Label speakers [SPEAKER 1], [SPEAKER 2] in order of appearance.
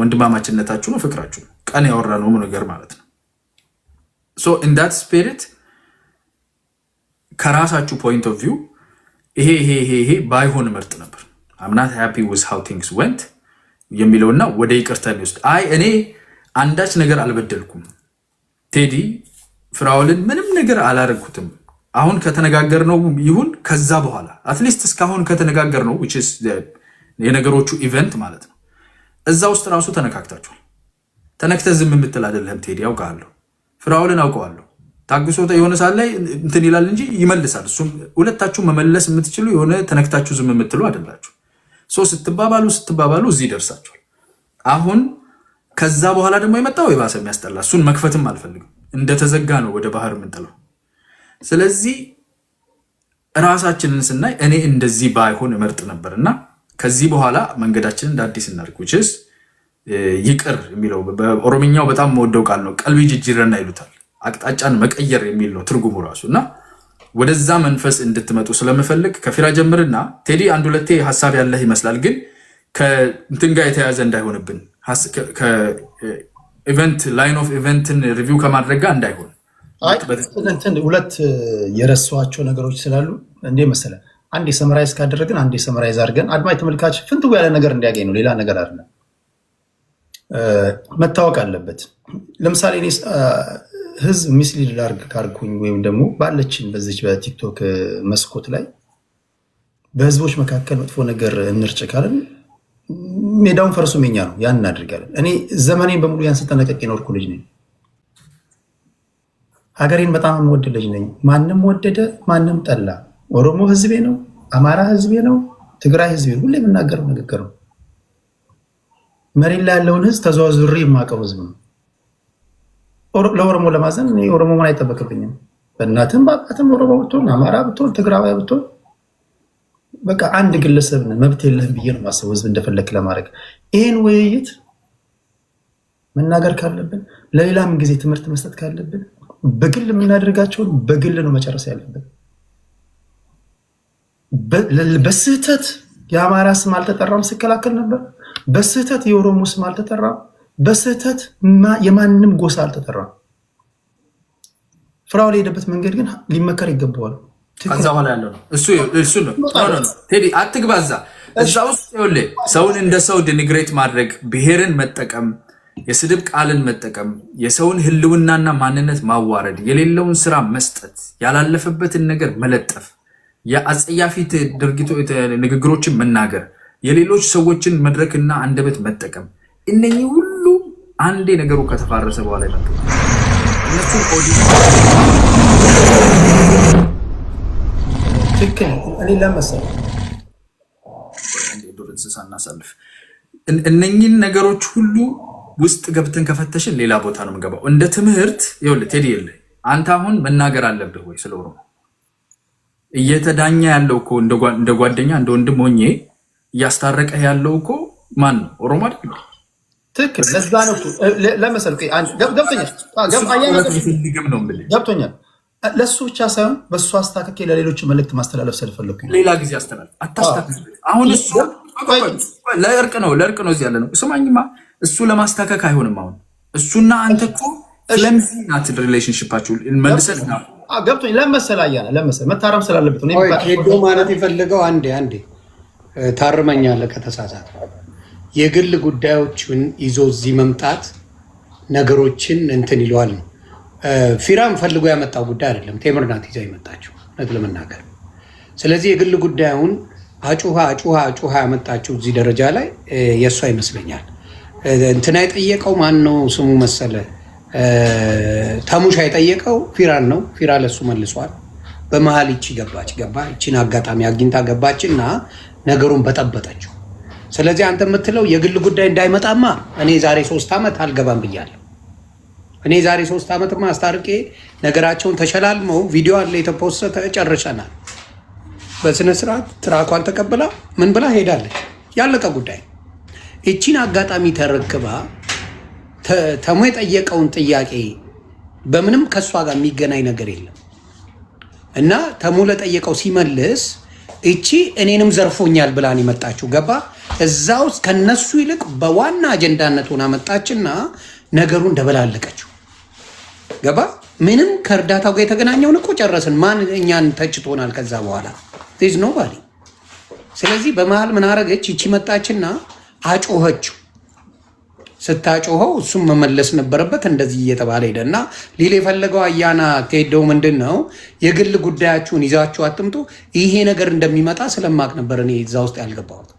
[SPEAKER 1] ወንድማማችነታችሁ ነው፣ ፍቅራችሁ ነው፣ ቀን ያወራነው ነገር ማለት ነው። ሶ ኢንዳት ስፒሪት ከራሳችሁ ፖይንት ኦፍ ቪው ይሄ ይሄ ይሄ ይሄ ባይሆን ምርጥ ነበር። አምናት ሃፒ ዊዝ ሃው ቲንግስ ወንት የሚለውና ወደ ይቅርታ የሚወስድ አይ እኔ አንዳች ነገር አልበደልኩም፣ ቴዲ ፍራውልን ምንም ነገር አላረግኩትም። አሁን ከተነጋገርነው ይሁን ከዛ በኋላ አትሊስት እስካሁን ከተነጋገርነው የነገሮቹ ኢቨንት ማለት ነው እዛ ውስጥ ራሱ ተነካክታችኋል። ተነክተ ዝም የምትል አይደለም ቴዲ፣ ያውቃለሁ። ፍራውልን አውቀዋለሁ። ታግሶ የሆነ ሰዓት ላይ እንትን ይላል እንጂ ይመልሳል። እሱም ሁለታችሁ መመለስ የምትችሉ የሆነ ተነክታችሁ ዝም የምትሉ አይደላችሁ። ሶ ስትባባሉ ስትባባሉ እዚህ ደርሳችኋል። አሁን ከዛ በኋላ ደግሞ የመጣው የባሰ የሚያስጠላ እሱን መክፈትም አልፈልግም። እንደተዘጋ ነው ወደ ባህር የምንጥለው። ስለዚህ ራሳችንን ስናይ እኔ እንደዚህ ባይሆን እመርጥ ነበር እና ከዚህ በኋላ መንገዳችንን እንደ አዲስ እናድርግ ይቅር የሚለው በኦሮምኛው በጣም መወደው ቃል ነው። ቀልቢ ጅጅረና ይሉታል። አቅጣጫን መቀየር የሚል ነው ትርጉሙ ራሱ እና ወደዛ መንፈስ እንድትመጡ ስለምፈልግ ከፊራ ጀምርና ቴዲ አንድ ሁለቴ ሀሳብ ያለህ ይመስላል፣ ግን ከእንትን ጋር የተያያዘ እንዳይሆንብን ኢቨንት ላይን ኦፍ ኢቨንትን ሪቪው ከማድረግ ጋር እንዳይሆን
[SPEAKER 2] ሁለት የረሷቸው ነገሮች ስላሉ እንዴ መሰለህ አንድ የሰመራይዝ ካደረግን አንድ የሰመራይዝ አድርገን አድማጭ ተመልካች ፍንትው ያለ ነገር እንዲያገኝ ነው። ሌላ ነገር አይደለም። መታወቅ አለበት። ለምሳሌ እኔ ህዝብ ሚስሊድ ላርግ ካርኩኝ ወይም ደግሞ ባለችን በዚች በቲክቶክ መስኮት ላይ በህዝቦች መካከል መጥፎ ነገር እንርጭ ካለን ሜዳውን ፈርሱ ሜኛ ነው። ያን እናደርጋለን። እኔ ዘመኔን በሙሉ ያን ስጠነቀቅ የኖርኩ ልጅ ነኝ። ሀገሬን በጣም የምወድ ልጅ ነኝ። ማንም ወደደ ማንም ጠላ፣ ኦሮሞ ህዝቤ ነው፣ አማራ ህዝቤ ነው፣ ትግራይ ህዝቤ ነው። ሁሌ የምናገረው ንግግር ነው። መሬት ላይ ያለውን ህዝብ ተዘዋዙሪ የማውቀው ህዝብ ነው። ለኦሮሞ ለማዘን ኦሮሞ ምን አይጠበቅብኝም። በእናትም በአባትም ኦሮሞ ብትሆን፣ አማራ ብትሆን፣ ትግራዊ ብትሆን በቃ አንድ ግለሰብ መብት የለህም ብዬ ነው ማሰብ ህዝብ እንደፈለክ ለማድረግ ይህን ውይይት መናገር ካለብን ለሌላም ጊዜ ትምህርት መስጠት ካለብን በግል የምናደርጋቸውን በግል ነው መጨረስ ያለብን። በስህተት የአማራ ስም አልተጠራም ስከላከል ነበር። በስህተት የኦሮሞ ስም አልተጠራም። በስህተት የማንም ጎሳ አልተጠራም። ፍራኦል ሄደበት መንገድ ግን ሊመከር ይገባዋል።
[SPEAKER 1] ከዛ በኋላ ያለው ነው እሱ ነው። አትግባ እዛ እዛ ውስጥ ሰውን እንደ ሰው ድንግሬት ማድረግ፣ ብሔርን መጠቀም፣ የስድብ ቃልን መጠቀም፣ የሰውን ህልውናና ማንነት ማዋረድ፣ የሌለውን ስራ መስጠት፣ ያላለፈበትን ነገር መለጠፍ፣ የአጸያፊ ድርጊቶ ንግግሮችን መናገር የሌሎች ሰዎችን መድረክና አንደበት መጠቀም እነኚህ ሁሉ አንዴ ነገሩ ከተፋረሰ በኋላ ይመጡ እነሱ ዱር እንስሳ እናሳልፍ እነኚህን ነገሮች ሁሉ ውስጥ ገብተን ከፈተሽን ሌላ ቦታ ነው የምንገባው። እንደ ትምህርት ይኸውልህ ቴዲ የለህ አንተ አሁን መናገር አለብህ ወይ ስለ ኦሮሞ እየተዳኛ ያለው እኮ እንደ ጓደኛ እንደ ወንድም ሆኜ እያስታረቀ ያለው እኮ ማን ነው? ኦሮሞ አይደል? ትክክል። ለዛ ነው ለመሰል ገብቶኛል ገብቶኛል። ለእሱ ብቻ ሳይሆን በእሱ አስታክኬ ለሌሎች መልእክት ማስተላለፍ ስለፈለኩ
[SPEAKER 2] ሌላ ጊዜ አስተላለፍ። አታስታክክ። አሁን እሱ ለእርቅ ነው ለእርቅ ነው እዚህ ያለ ነው። ስማኝማ እሱ ለማስታከክ አይሆንም። አሁን እሱና አንተ እኮ ለምዚህ ናት ሪሌሽንሽፓችሁ መልሰል
[SPEAKER 1] ገብቶኝ ለመሰል አያና ለመሰል መታረም ስላለበት
[SPEAKER 2] ሄዶ ማለት የፈለገው አንዴ አንዴ ታርመኛለህ ከተሳሳት የግል ጉዳዮችን ይዞ እዚህ መምጣት ነገሮችን እንትን ይለዋል ነው። ፊራም ፈልጎ ያመጣው ጉዳይ አይደለም። ቴምር ናት ይዛ የመጣችው እውነት ለመናገር ስለዚህ የግል ጉዳዩን አጩሃ አጩሃ አጩሃ ያመጣችው እዚህ ደረጃ ላይ የእሷ ይመስለኛል። እንትና የጠየቀው ማን ነው ስሙ መሰለ ተሙሻ የጠየቀው ፊራን ነው። ፊራ ለሱ መልሷል። በመሀል ይቺ ገባች ገባ ይቺን አጋጣሚ አግኝታ ገባች እና ነገሩን በጠበጠችው። ስለዚህ አንተ የምትለው የግል ጉዳይ እንዳይመጣማ እኔ ዛሬ ሶስት ዓመት አልገባም ብያለሁ። እኔ ዛሬ ሶስት ዓመትማ አስታርቄ ነገራቸውን ተሸላልመው ቪዲዮ አለ የተፖሰተ ጨርሰናል። በስነ ስርዓት ትራኳን ተቀብላ ምን ብላ ሄዳለች። ያለቀ ጉዳይ። ይቺን አጋጣሚ ተረክባ ተሞ የጠየቀውን ጥያቄ በምንም ከእሷ ጋር የሚገናኝ ነገር የለም እና ተሞ ለጠየቀው ሲመልስ እቺ እኔንም ዘርፎኛል ብላን የመጣችው ገባ። እዛ ውስጥ ከነሱ ይልቅ በዋና አጀንዳነት ሆና መጣችና ነገሩን ደበላለቀችው። ገባ። ምንም ከእርዳታው ጋር የተገናኘውን እኮ ጨረስን። ማን እኛን ተችቶናል? ከዛ በኋላ ዝ ኖባዲ። ስለዚህ በመሀል ምን አረገች? ይቺ መጣችና አጮኸችው። ስታጮኸው እሱም መመለስ ነበረበት። እንደዚህ እየተባለ ሄደና ሊል የፈለገው አያና ከሄደው ምንድን ነው የግል ጉዳያችሁን ይዛችሁ አትምጡ። ይሄ ነገር እንደሚመጣ ስለማቅ ነበር እኔ እዛ ውስጥ ያልገባሁት።